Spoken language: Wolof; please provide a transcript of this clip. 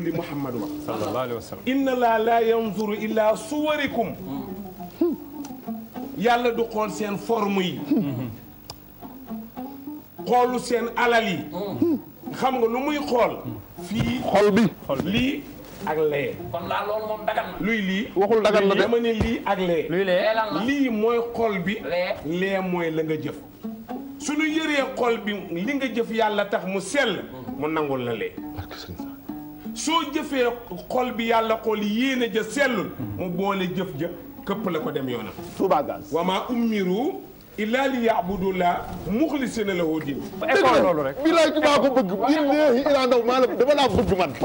يقول لي محمد صلى الله عليه وسلم إن الله لا ينظر إلى صوركم yàlla du xool seen forme yi xoolu seen alal yi xam nga lu muy xool fii xol bi lii ak lee kon laa loolu moom dagan na luy lii waxul dagan na de dama ne lii ak lee luy lee lii mooy xol bi lee mooy la nga jëf suñu yëree xol bi li nga jëf yàlla tax mu sell mu nangul la lee soo jëfee xol bi yàlla xool yéene ja sellul mu boole jëf ja këpp la ko dem yoonam Touba Gaz wa maa ummiru illaa li yaabudullaa la lahu din école loolu rek bilaay ki maa ko bëgg billahi ilaa ndaw maa la dama laa bëgg